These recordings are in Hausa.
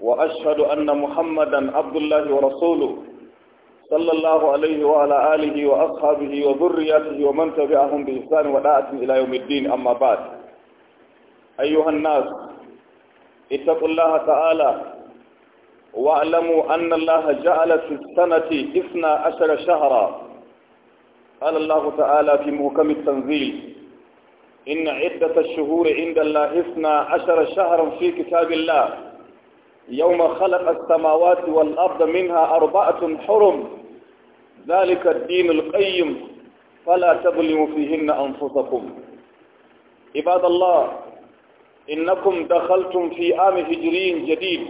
وأشهد أن محمدا عبد الله ورسوله صلى الله عليه وعلى آله وأصحابه وذرياته ومن تبعهم بإحسان وداعة إلى يوم الدين أما بعد أيها الناس اتقوا الله تعالى واعلموا أن الله جعل في السنة إثنى عشر شهرا قال الله تعالى في محكم التنزيل إن عدة الشهور عند الله إثنى عشر شهرا في كتاب الله يوم خلق السماوات والأرض منها أربعة حرم ذلك الدين القيم فلا تظلموا فيهن أنفسكم عباد الله إنكم دخلتم في عام هجري جديد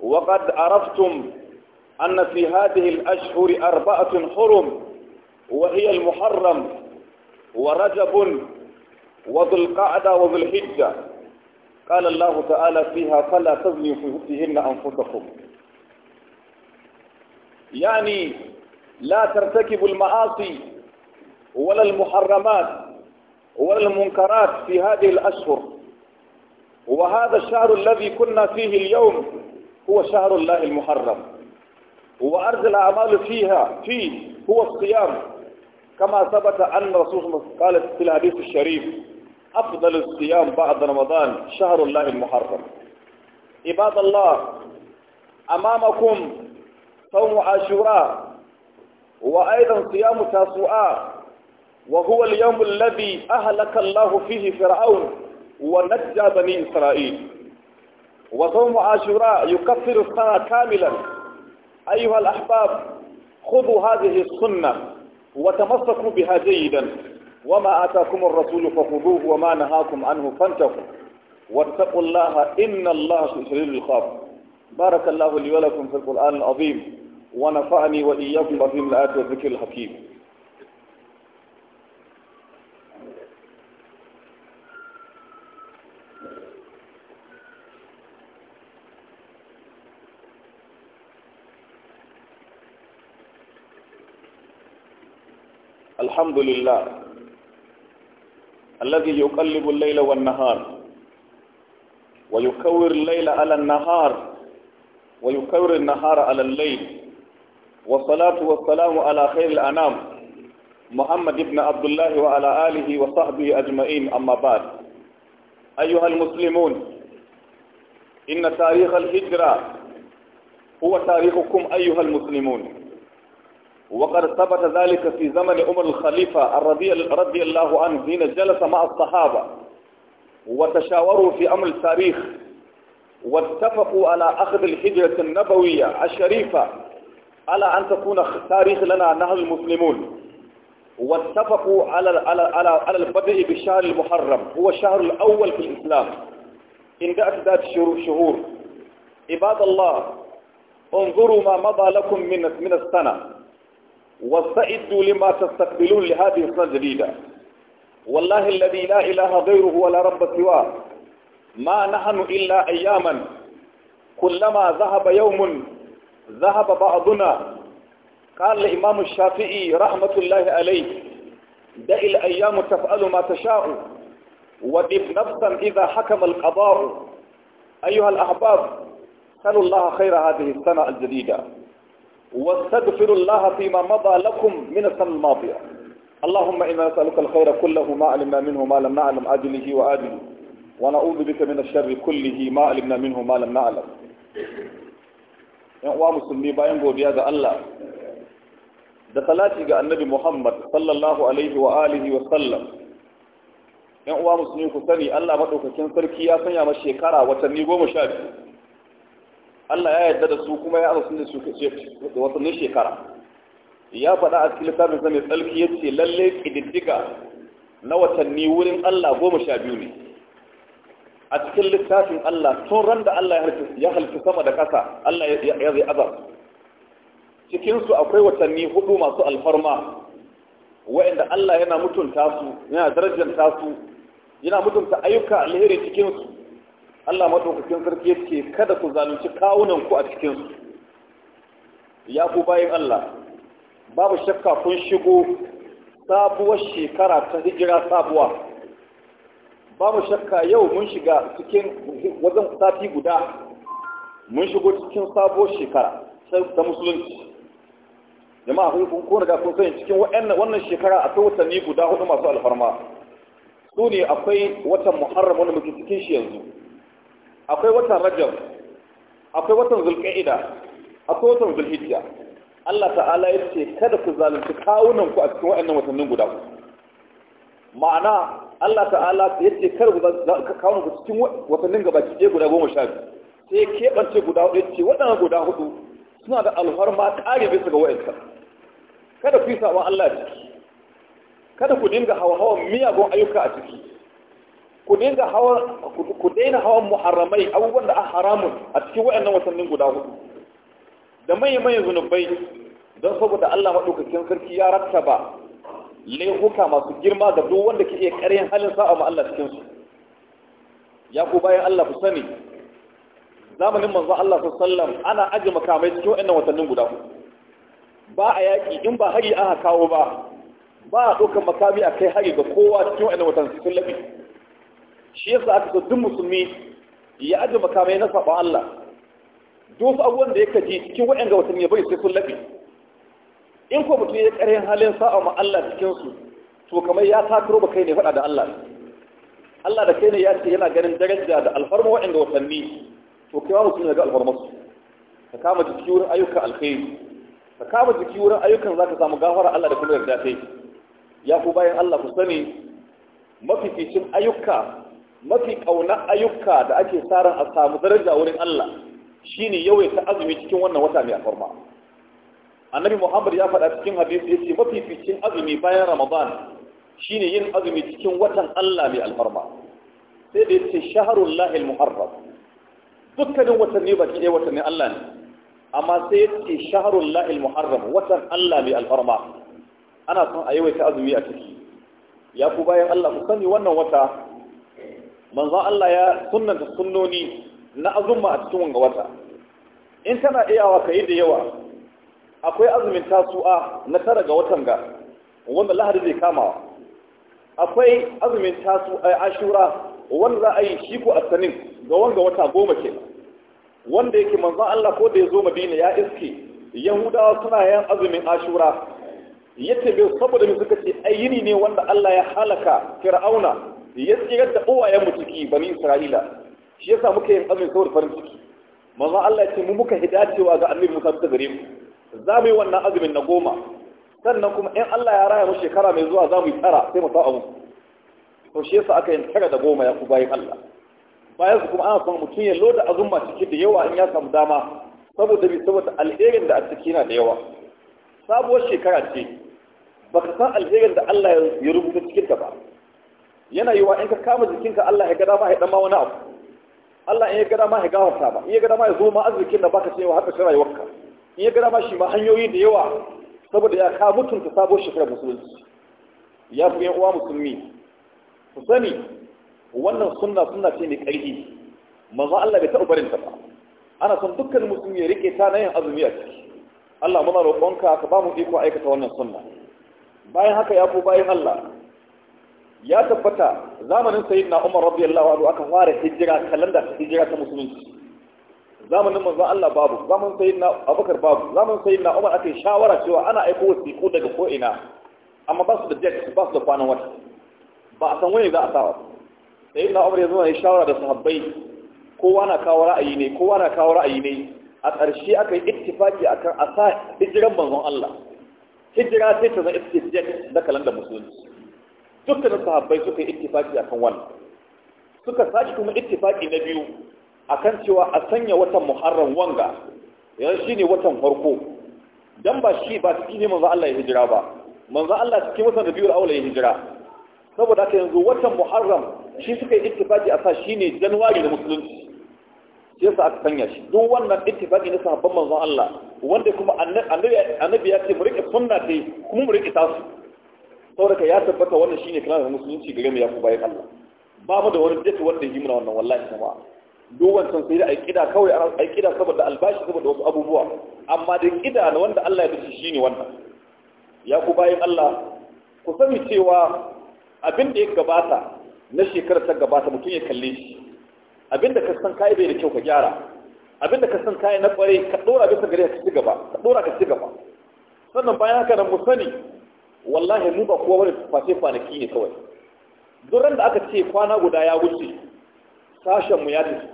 وقد عرفتم أن في هذه الأشهر أربعة حرم وهي المحرم ورجب وذو القعدة وذو الحجة قال الله تعالى فيها فلا تظلموا فيهن أنفسكم يعني لا ترتكبوا المعاصي ولا المحرمات ولا المنكرات في هذه الأشهر وهذا الشهر الذي كنا فيه اليوم هو شهر الله المحرم وأرض الأعمال فيها فيه هو الصيام كما ثبت أن رسول الله قال في الحديث الشريف أفضل الصيام بعد رمضان شهر الله المحرم عباد الله أمامكم صوم عاشوراء وأيضا صيام تاسوعاء وهو اليوم الذي أهلك الله فيه فرعون ونجى بني إسرائيل وصوم عاشوراء يكفر السنة كاملا أيها الأحباب خذوا هذه السنة وتمسكوا بها جيدا وما آتاكم الرسول فخذوه وما نهاكم عنه فانتهوا واتقوا الله إن الله شديد الخاف بارك الله لي ولكم في القرآن العظيم ونفعني وإياكم بهم الآيات والذكر الحكيم الحمد لله الذي يقلب الليل والنهار ويكور الليل على النهار ويكور النهار على الليل والصلاة والسلام على خير الأنام محمد بن عبد الله وعلى آله وصحبه أجمعين أما بعد أيها المسلمون إن تاريخ الهجرة هو تاريخكم أيها المسلمون وقد ثبت ذلك في زمن عمر الخليفة رضي الله عنه حين جلس مع الصحابة وتشاوروا في أمر التاريخ واتفقوا على أخذ الحجرة النبوية الشريفة على أن تكون تاريخ لنا نحن المسلمون واتفقوا على على على على البدء بالشهر المحرم هو الشهر الأول في الإسلام إن دعت ذات شهور عباد الله انظروا ما مضى لكم من من السنة واستعدوا لما تستقبلون لهذه السنة الجديدة والله الذي لا إله غيره ولا رب سواه ما نحن إلا أياما كلما ذهب يوم ذهب بعضنا قال الإمام الشافعي رحمة الله عليه دع الأيام تفعل ما تشاء ودف نفسا إذا حكم القضاء أيها الأحباب سألوا الله خير هذه السنة الجديدة واستغفروا الله فيما مضى لكم من السنة الماضية اللهم إنا نسألك الخير كله ما علمنا منه ما لم نعلم أجله وآجله ونعوذ بك من الشر كله ما علمنا منه ما لم نعلم yan uwa musulmi bayan godiya ga Allah da salati ga annabi Muhammad sallallahu alaihi wa alihi wa sallam yan uwa musulmi sani Allah madaukakin sarki ya sanya ma shekara watanni goma sha biyu Allah ya yarda da su kuma ya arsu da su da watannin shekara ya faɗa a cikin littafin sa mai tsalki ya ce lalle ƙididdiga na watanni wurin Allah goma sha biyu ne a cikin littafin Allah tun ran da Allah ya halitta sama da ƙasa Allah ya zai azar cikinsu akwai watanni hudu masu alfarma wa'inda Allah yana mutunta su yana darajanta su yana mutunta ayyuka alheri cikinsu Allah madaukakin sarki ya ce kada ku zalunci kawunan ku a cikin ya ku bayin Allah babu shakka kun shigo sabuwar shekara ta hijira sabuwa babu shakka yau mun shiga cikin wajen sati guda mun shigo cikin sabuwar shekara ta musulunci jama'a kun kun ko ga kun sani cikin wannan shekara akwai watanni guda hudu masu alfarma su ne akwai watan muharram wanda muke cikin shi yanzu akwai watan rajab akwai watan zulqa'ida akwai watan zulhijja Allah ta'ala ya ce kada ku zalunci kawunan ku a cikin waɗannan watannin guda ku ma'ana Allah ta'ala ya ce kada ku zalunci kawunan ku cikin watannin gaba ki guda goma sha biyu sai keɓance guda hudu ya ce waɗannan guda hudu suna da alfarma ƙari bisa ga wa'ansa kada ku yi saɓon Allah ciki kada ku dinga hawa-hawan miyagun ayyuka a ciki ku daina hawan muharramai abubuwan da a haramun a cikin waɗannan watannin guda hudu da manya manyan zunubai don saboda Allah maɗaukakin sarki ya ba laifuka masu girma ga duk wanda ke iya ƙaryan halin sa'a ma Allah cikin su ya ku bayan Allah ku sani zamanin manzo Allah sallam ana aji makamai cikin waɗannan watannin guda hudu ba a yaƙi in ba hari aka kawo ba ba a ɗaukar makami a kai hari ga kowa cikin waɗannan watan sun labi shi yasa aka so duk musulmi ya aje makamai na saɓon Allah duk abubuwan da ya kaji cikin waɗanda watanni bai sai sun laɓe in ko mutum ya ƙarin halin sa'a ma Allah cikinsu to kamar ya takaro ba kai ne faɗa da Allah Allah da kai ne ya ce yana ganin daraja da alfarma waɗanda watanni to kai ma mutum ya ga su. ka kama jiki wurin ayyukan alkhairi ka kama jiki wurin ayyukan za ka samu gafara Allah da kuma yarda kai ya ku bayan Allah ku sani mafificin ayyuka mafi ƙaunar ayyuka da ake tsarin a samu daraja wurin Allah shine yawaita azumi cikin wannan wata mai alfarma annabi muhammad ya faɗa cikin hadisi ya ce mafi ficin azumi bayan ramadan shine yin azumi cikin watan Allah mai alfarma sai da ya ce shaharun lahil muharram dukkanin watanni ba ke watanni Allah ne amma sai ya ce shaharun lahil muharram watan Allah mai alfarma ana son a yawaita azumi a ciki ya ku bayan Allah ku sani wannan wata manzon Allah ya sunnanta sunnoni na azumma a cikin wanga wata in kana iyawa kai da yawa akwai azumin tasu'a na tara ga watan ga wanda lahadi zai kama akwai azumin tasu'a eh, ashura wanda za a yi shi ko asanin ga wanga wata goma ke wanda yake manzon Allah ko da ya zo Madina ya iske Yahudawa suna 'yan azumin ashura yace bai saboda mu suka ce ayyini ne wanda Allah ya halaka Fir'auna ya tsirar da uwayen mu ciki bani isra'ila shi yasa muka yin azumin saboda farin ciki manzo Allah ya ce mu muka hidacewa ga annabi Musa ta gare mu za mu yi wannan azumin na goma sannan kuma in Allah ya raya mu shekara mai zuwa za mu yi tara sai mu sa abu to shi yasa aka yin tara da goma ya ku bayan Allah bayan su kuma ana son mutum ya loda azumma ciki da yawa in ya samu dama saboda bi saboda alherin da a ciki yana da yawa sabuwar shekara ce baka san alherin da Allah ya rubuta cikin ta ba yana wa in ka kama jikinka Allah ya gada ma ya dama wani abu Allah in ya gada ma ya gawarta ba in ya gada ma ya zo ma arzikin da baka cewa har ka wakka in ya gada ma shi ma hanyoyi da yawa saboda ya ka mutunta sabon shekarar musulunci ya fi yan uwa musulmi ku sani wannan sunna sunna ce mai ƙarfi manzo Allah bai taɓa barin ta ba ana son dukkan musulmi ya rike ta na yin azumi a ciki Allah muna roƙonka ka ba mu iko aikata wannan sunna bayan haka ya ku bayan Allah ya tabbata zamanin sayyid na umar radiyallahu anhu aka fara hijira kalanda ta hijira ta musulunci zamanin manzon Allah babu zamanin sayyid na abubakar babu zamanin sayyid na umar aka yi shawara cewa ana aiko wasiƙu daga ko'ina amma ba su da jet ba su da kwanan wata ba a san wani za a sawa sayyid na umar ya zo ya shawara da sahabbai kowa na kawo ra'ayi ne kowa na kawo ra'ayi ne a ƙarshe aka yi ittifaki akan a sa hijiran manzon Allah hijira sai ta zama ittifaki da kalanda musulunci dukkanin sahabbai suka yi ittifaki akan wannan suka sashi kuma ittifaki na biyu akan cewa a sanya watan muharram wanga yanzu shine watan farko dan ba shi ba cikin ne manzo Allah ya hijira ba manzo Allah cikin watan Rabiul Awwal ya hijira saboda haka yanzu watan Muharram shi suka yi ittifaki a sa shine January da musulunci sai sa aka sanya shi duk wannan ittifaki na sahabban manzo Allah wanda kuma annabi annabi ya ce mu rike sunna dai kuma mu rike tasu saboda ya tabbata wannan shine kana da musulunci gare mu ya ku bayan Allah ba mu da wani dake wanda yi muna wannan wallahi kuma duk wancan sai da ai kida kawai ai kida saboda albashi saboda wasu abubuwa amma da kida na wanda Allah ya dace shine wannan ya ku bayan Allah ku sani cewa abin da ya gabata na shekarar ta gabata mutum ya kalle shi abin da ka san kai bai da kyau ka gyara abin da ka san kai na kware ka dora bisa gare ka ci gaba ka dora ka ci gaba sannan bayan haka nan mu sani wallahi mu ba kowa face kwanaki ne kawai duran da aka ce kwana guda ya wuce sashen mu ya tafi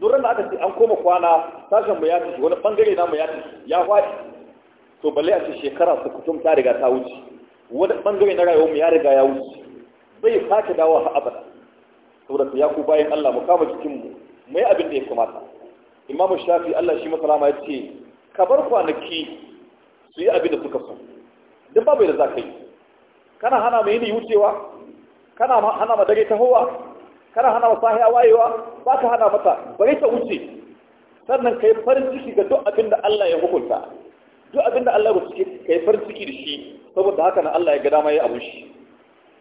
duran da aka ce an koma kwana sashen mu ya tafi wani bangare na mu ya tafi ya faɗi to balle a ce shekara su kutum ta riga ta wuce wani bangare na rayuwar mu ya riga ya wuce bai sake dawo ha abada saboda ya ku bayan Allah mu kama jikin mu mu yi abin da ya kamata imamu shafi Allah shi masala ma ya ce ka bar kwanaki su yi abin da suka so duk babu yadda za ka yi kana hana mai yini wucewa kana hana ma dare tahowa kana hana ma sahiya wayewa ba ka hana mata bari ta wuce sannan ka yi farin ciki ga duk abin da Allah ya hukunta duk abin da Allah ya hukunta ka yi farin ciki da shi saboda haka na Allah ya ga dama ya abun shi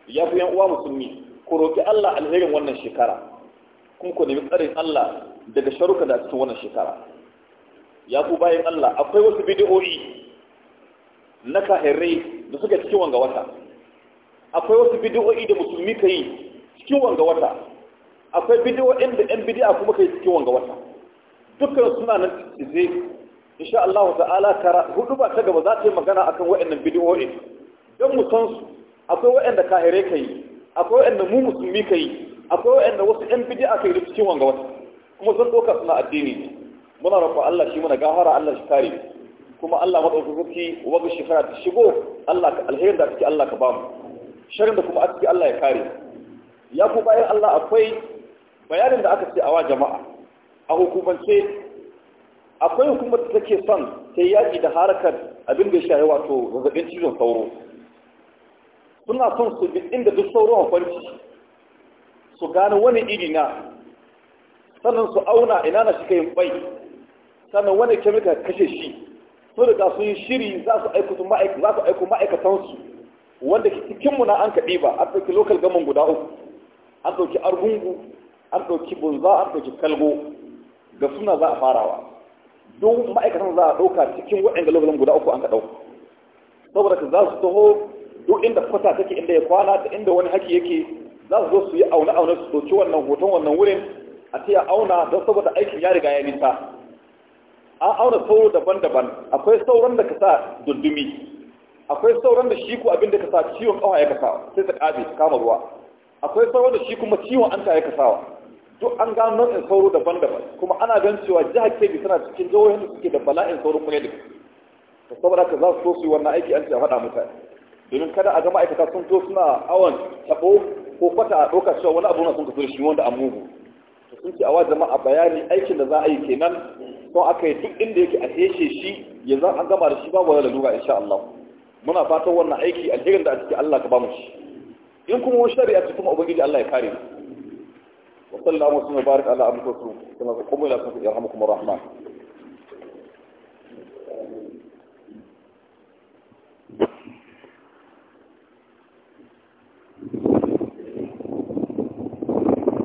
ya fi yan uwa musulmi ku roƙi Allah alherin wannan shekara kuma ku nemi tsarin Allah daga sharuka da cikin wannan shekara ya ku bayan Allah akwai wasu bidiyoyi na kahirai da suka cikin wanga wata akwai wasu bidiyo'i da musulmi ka yi cikin wanga wata akwai bidiyo'in da yan bidiya kuma ka yi cikin wanga wata dukkan suna nan zai insha Allah ta'ala kara hudu ba ta gaba za ta yi magana akan waɗannan bidiyo'in don mu san su akwai waɗanda kahirai ka yi akwai waɗanda mu musulmi ka yi akwai waɗanda wasu yan bidiya ka yi cikin wanga wata kuma zan ɗauka suna addini muna rafa Allah shi muna gafara Allah shi kare kuma Allah maɗauki sarki shekara ta shigo Allah ka alherin da take Allah ka ba mu sharin da kuma ake Allah ya kare ya ku bayan Allah akwai bayanin da aka ce a wa jama'a a hukumance akwai hukumar da take son ta yaƙi da harakar abin da ya shahi wato zazzabin cizon sauro suna son su bi inda duk sauro a kwanci su gane wani iri na sannan su auna ina na shi yin bai sannan wani kemika kashe shi sun riga sun yi shiri za su aiko ma'aikatansu wanda cikinmu na an kaɗi ba an ɗauki lokal gaman guda uku an ɗauki argungu an ɗauki bunza an ɗauki kalgo ga suna za a farawa Don ma'aikatan za a ɗauka cikin ga lokacin guda uku an ka ɗauka saboda ka za su taho duk inda kwata take inda ya kwana da inda wani haki yake za su zo su yi aune aune su ɗauki wannan hoton wannan wurin a ce ya auna don saboda aikin ya riga ya nisa an auna sauro daban-daban akwai sauran da ka sa dundumi akwai sauran da shi ku abin da ka sa ciwon kawa ya kasawa sai ta kabe kama ruwa akwai sauran da shi kuma ciwon an ta ya kasawa duk an gano nau'in sauro daban-daban kuma ana gan cewa jihar kebbi tana cikin jihohin da suke da bala'in sauro kuma yadda ta saboda ka za su so su yi wannan aiki an ce a faɗa mutane domin kada a ga ma'aikata sun to suna awon tabo ko kwata a ɗaukar cewa wani abu na sun kasu da shi wanda an mugu sun ce a jama'a bayani aikin da za a yi kenan don aka yi duk inda yake a heshe shi yanzu an gama da shi babu wani lura insha Allah muna fatan wannan aiki alherin da a cikin Allah ka ba mu shi in kuma wani shari'a ce kuma ubangiji Allah ya kare mu wa sallallahu alaihi wa sallam baraka ala abdihi wa rasulihi kama qulna lakum yarhamukum